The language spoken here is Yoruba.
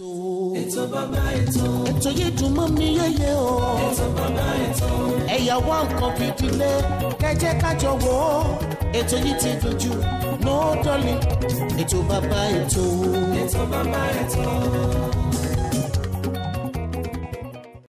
ètò ètò bàbá ètò ètò yìí dùn mọ́ mi yéye o ètò bàbá ètò ẹ̀yà wá nǹkan fìdílé kẹjẹ kájọ wò ó ètò yìí ti dùn jù ní ó ètò bàbá ètò ètò bàbá ètò.